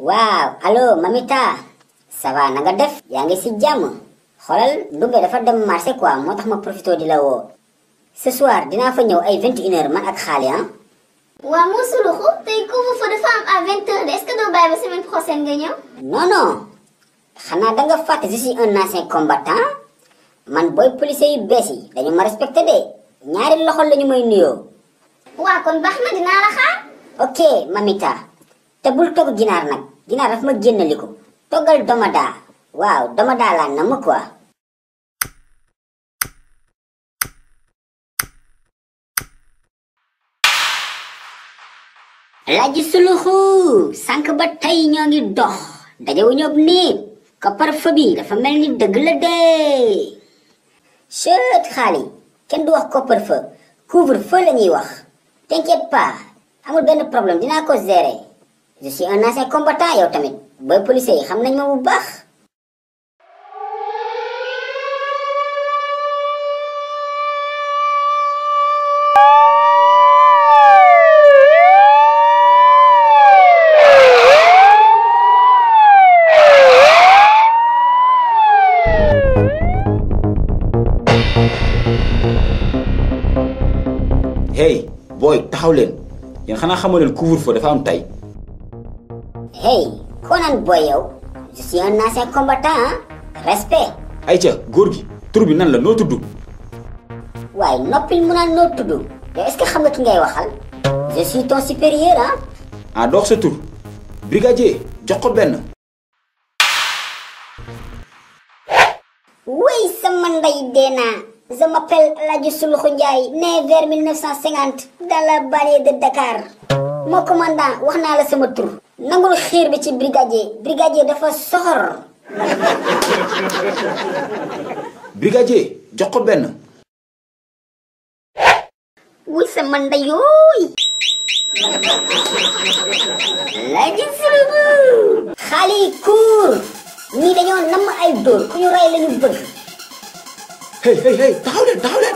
Wow, halo mamita sawa naga def yang isi si Holal xoolal dumbe dafa dem marché quoi motax ma profito di lawo. ce soir dina fa ñew ay 21h man ak xaali ah waa moo suluxu tey couvre fa dafa am à 20h de est ce que do bay ba semaine prochaine nga ñew? non non Xana da nga fàtte je suis un ancien combattant man boy police yu bees dañu ma respecté de ñaari loxol lañu ñu may nuyoo waa kon baxna dina la xaar ok mamita te bul ginarnak, ginaar nag ginaar daf ma génnaliku togal domada waaw domada la nam quoi laji suluxu sank ba tay ñogi dox dajawu ñop nit koppar fa bi dafa melni ni la dee du wax ko parfa couvre feu la ñi wax t'inquiète pas amul ben problème dina ko gérer je suis un ancien combattant yow tamit booy policier yi xam ma bu baax. hey booy taxaw leen yéen xanaa xamoo leen couvre-feu dafa tey. Hey, Conan boy yow je suis un ancien combattant hein? respect. ayca góor gi tur bi nan la noo tudd. waaye noppil mu naan noo tudd yow est ce que xam nga ki ngay waxal je suis ton supérieur ah. ah dox sa tur brigadier jox ko benn. oui sama ndey dee naa je m' appelle El Hadj Sulukhu né vers 1950 dans la banlieue de Dakar. mon commandant wax la sama tur. nangul xiir bi ci brigadier brigadier dafa soxor. brigadier jox ko benn. wuy sama ndeyooy. laaj sulubu. xale yi kuur. ñii dañoo namm ay dóor ku ñu rey la ñu bëgg. hey hey hey taxaw leen taxaw leen.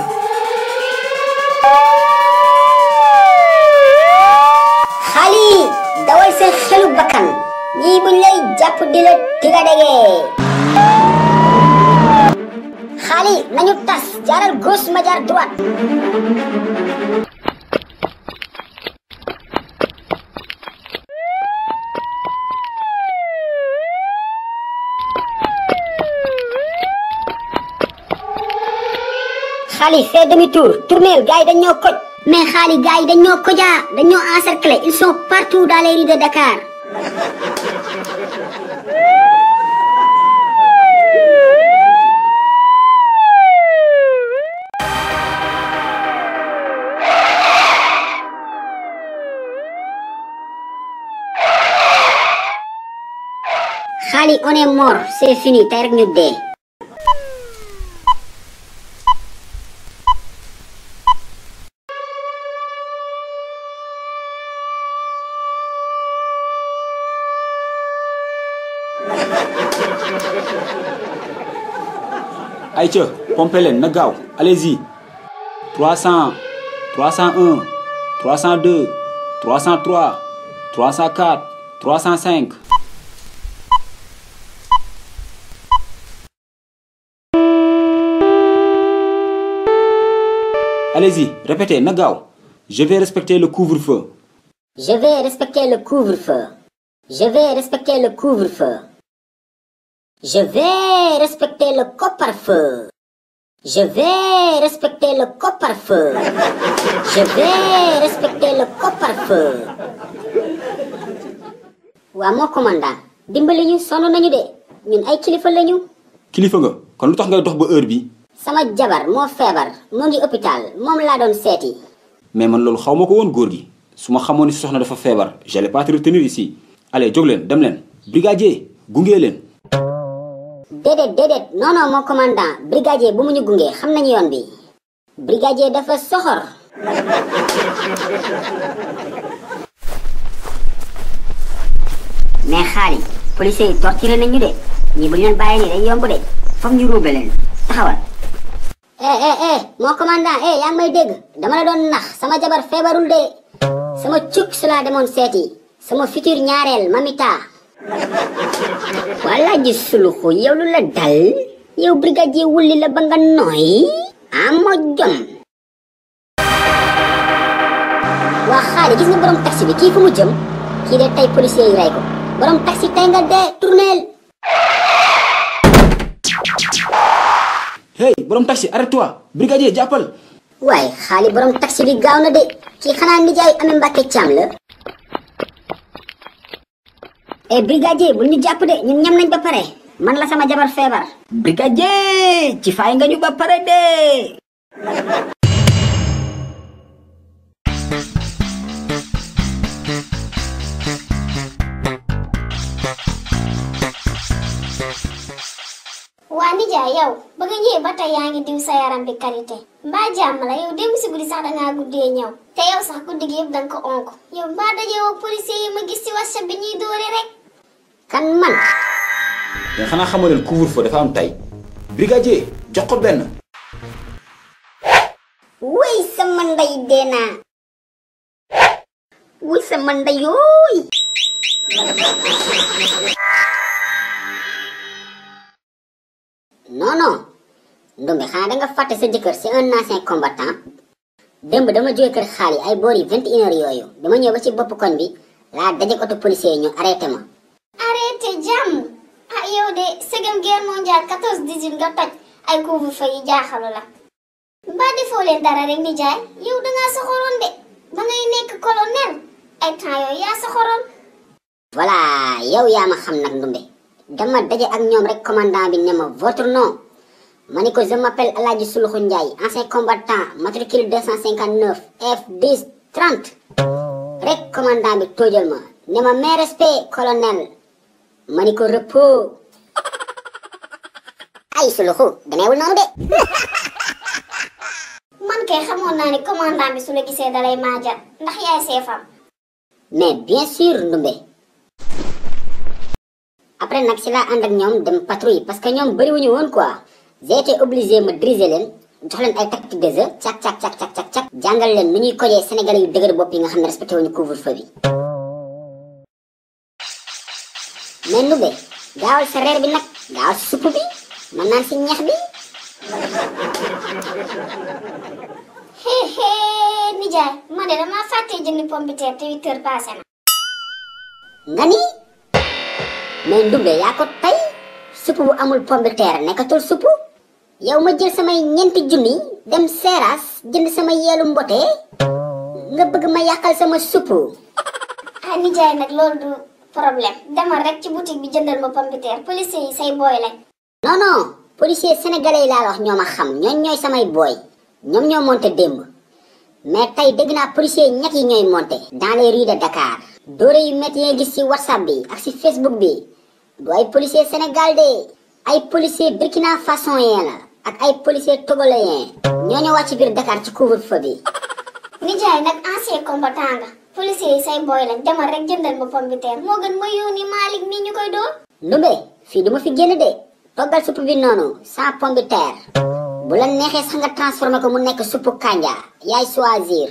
dawal way sa xelu bakkan ñi buñ lay japp di la xali nañu tas jaral gus ma jaar droite Allez, fais demi-tour. Tournez, le gars, il est mais les gars ils sont kojaa ils sont partout dans les rues de Dakar. Khali, on est mort c'est fini t'as rien ñu dire. ayca Nagao, allez-y 300 301 302 303 304 305 Allez-y, répétez, Nagao. Je vais respecter le couvre-feu. Je vais respecter le couvre-feu. Je vais respecter le couvre-feu. Je vais respecter le coparfeu. Je vais respecter le coparfeu. Je vais respecter le coparfeu. Wa mo commandant dimbali ñu sonn nañu de ñun ay kilifa lañu. kilifa nga kon lu tax ngay dox ba heure bi sama jabar mo febar, mo ngi hôpital mom seti. doon séti. mais man loolu xawmako won ko woon gi su ma xamoon soxna dafa je l'ai pas retenu ici. allez jóg dem leen. brigadier gungé dedet dedet Nono mo commandant brigadier bu muñu gungé gunge xam nañu yoon bi brigadier dafa soxor mais xali police yi torturé nañ ñu de ñi bu ñu bayé ni dañ yomb de ñu roubé leen taxawal eh eh eh, eh mo commandant eh yaa may dégg dama la doon nax sama jabar feebarul dé sama cuk si laa demoon sama futur ñaarel mamita Wala je suluhu yow lu la dal yow brigadier wulli la ba nga kan noy amoo jom taksi xaali gis nga borom taxi bi kii fu mu taksi kii de tey yi ko borom taxi nga de tournel hey borom taxi arrête toi brigadier jàppal waaye xaali borom taxi bi gaaw na de kii xanaa nijaay ame mbàkke caam la Eh brigadier bul ñu apa de ñun ñam nañ ba pare man la sama jabar fever. brigadier ci fay nga ñu ba pare de waa nijaay yow ba nga ñëwee ba tey yaa ngi diw sa yaram bi karité mbaa jàmm la yow démb si guddi sax dangaa guddee ñëw te yow sax guddi gi ko onk yow yi ma gis bi rek kan man da xana xamoo couvre feu dafa kan am tay brigadier jox ko ben wey sama nday dee wey sama nday yoy non non ndombe xana da nga faté sa jëkkeur ci un ancien combattant demb dama jóge kër xali ay bor yi 21h yoyu dama ñëw ba ci bop kon bi laa dajeek oto policier ñu arrêté ma ci jam ay yow de segam guerre mondiale 14 18 nga toj ay couvre-feu yi jaxalu la ba defo len dara rek ni jay yow da nga soxoroon de ba ngay nek colonel ay tan yooyu ya soxoroon voilà yow ya ma xam nak ndumbe dama daje ak ñom rek commandant bi ne votre nom maniko je m'appelle aladji Suluxu ndjay ancien combattant matricule 259 F10 30 rek commandant bi tojel ma ne mes respect colonel ma ni ko repos ay suluxu demeewul noonu de man kay xamoon naa ne commandant a su la gisee dalay maaja ndax yaay eh, seefam mais bien sûr ndumbe après nag si laa ànd ak ñoom dem patrouille parce que ñoom bëriwuñu woon quoi j'ai été obligé ma diriger leen jox leen ay tactique de jeu cak cak cak cak cak jàngal leen nu ñuy kojee sénégalais yu dëgër bopp nga xam ne respecté wuñu couvre feu bi nañ lu be gaawal sa reer bi nag gaawal sa supp bi mën naan si ñax bi hee hee nijaay ma de dama fàtte jënd pompiteer te huit heures passé na nga ni mais ndumbe ko bu amul pompiteer nekkatul supu, yow ya ma jël samay ñenti junni dem seeraas jënd sama yeelu mbote nga bëgg ma sama supu? Ani ah, nijaay nak loolu problème demal rek ci boutique bi jëndal ma pompiteer policier yi say booy lañ. non non policier sénégalais wax ñoo ma xam ñooñ ñooy samay booy ñoom ñoo monté démb mais tey dégg naa policier ñett yi ñooy monté. dans les rues de Dakar. doore yu métti yi gis ci whatsapp bi ak ci facebook bi du ay policier sénégal de ay policier burkina faso yeen la ak ay policier togolais yeen ñoo ñu biir Dakar ci couvre-feu bi. nijaay nag ancien combattant nga polisiyee say boy lañ demal rek jëndal ma pomme terre mo gën ma yoni malik ni ñukoy do dóor. Lubé fii du fi gënë dé togal supp bi nonu sa pomme terre bu la nexé sax nga transformer ko mu nekk suppu kanja yaay choisir.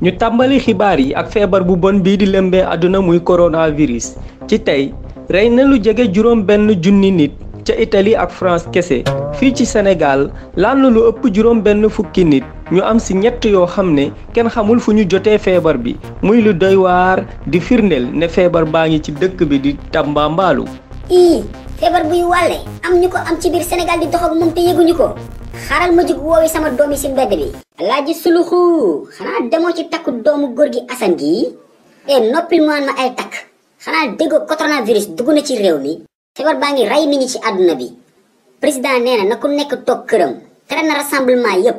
ñu tambali xibaar yi ak febar bu bon bi di lëmbee aduna muy coronavirus ci tay reyna lu jégué juróom ben junni nit. ca Italie ak France kese fii ci Sénégal laal na lu ëpp juróom benn fukki nit ñu am si ñett yoo xam ne kenn xamul fu ñu jotee feebar bi muy lu doy waar di firndeel ne feebar baa ngi ci dëkk bi di tàmbaambaalu ii feebar buy wàlle am ñu ko am ci biir Sénégal di dox moom te yëguñu ko xaaral ma jug woowi sama doom si mbedd bi Alaaji Suluxu xanaa demoo ci takku doomu góor gi Assane gii e eh, noppil mu ma ay takk xanaa déggoo coronavirus dugg na ci réew mi feebar bangi ray rey nit ñi ci aduna bi président nee na ku nekk tok kërëm tere na rassemblement yépp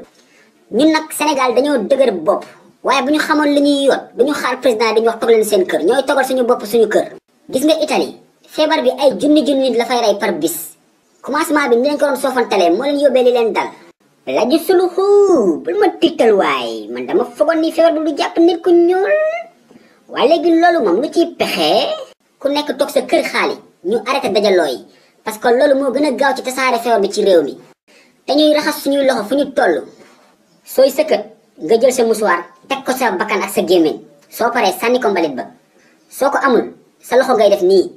ñun nak Sénégal dañoo dëgër bop waye buñu ñu xamoon li ñuy yoot buñu xaar président dañu wax tok leen seen kër ñoy togal suñu bop suñu kër gis nga bi ay junni jooni la fay ray par bis commencement bi ñu leen ko doon soofantalee mo leen yobé li leen dal sulu hu bul ma tiital way man dama fogon ni feebar du japp nit ku ñuul walé gi lolu mom lu ci pexé ku nekk tok sa kër xaalis ñu arrêté dajaloo yi parce que loolu moo gën a gaaw ci tasaare feebar bi ci réew mi te ñuy raxas suñuy loxo fu ñu toll sooy sëkkat nga jël sa musuwaar teg ko sa bakkan ak sa gémmiñ soo paree sànni ko mbalit soo ko amul sa loxo def nii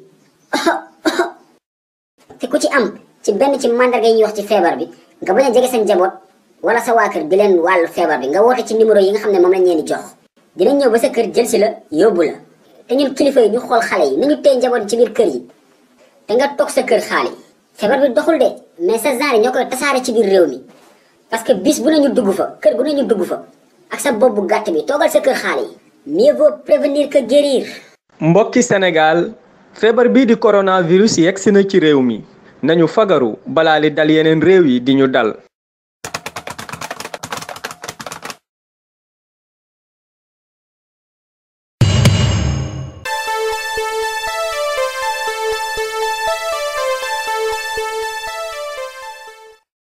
te ku ci am ci benn ci màndarga yi ñuy wax ci feebar bi nga bañ a jege seen njaboot wala sa waa kër di leen wàllu feebar bi nga woote ci numéro yi nga xam ne moom lañ leen di jox dinañ ñëw ba sa kër jël si la yóbbu la te ñun kilifa yi ñu xool xale yi nañu tey njaboot ci biir kër yi te nga toog sa kër xaali feebar bi doxul de mais sa genre ñoo koy tasaare ci biir réew mi parce que bis bu ne ñu dugg fa kër gu ne ñu dugg fa ak sa bopp bu gàtt bi toogal sa kër xaali mieux vaut prévenir que guérir. mbokki senegal feebar bii di coronavirus yegsi na ci réew mi nañu fagaru balaa li dal yeneen réew yi di ñu dal.